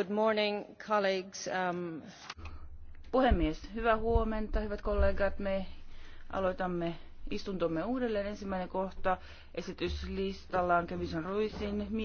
arvoisa um, Puhemies, hyvää huomenta, hyvät kollegat. Me aloitamme istuntomme uudelleen. Ensimmäinen kohta esityslistalla on Kevison Ruisin mietintö.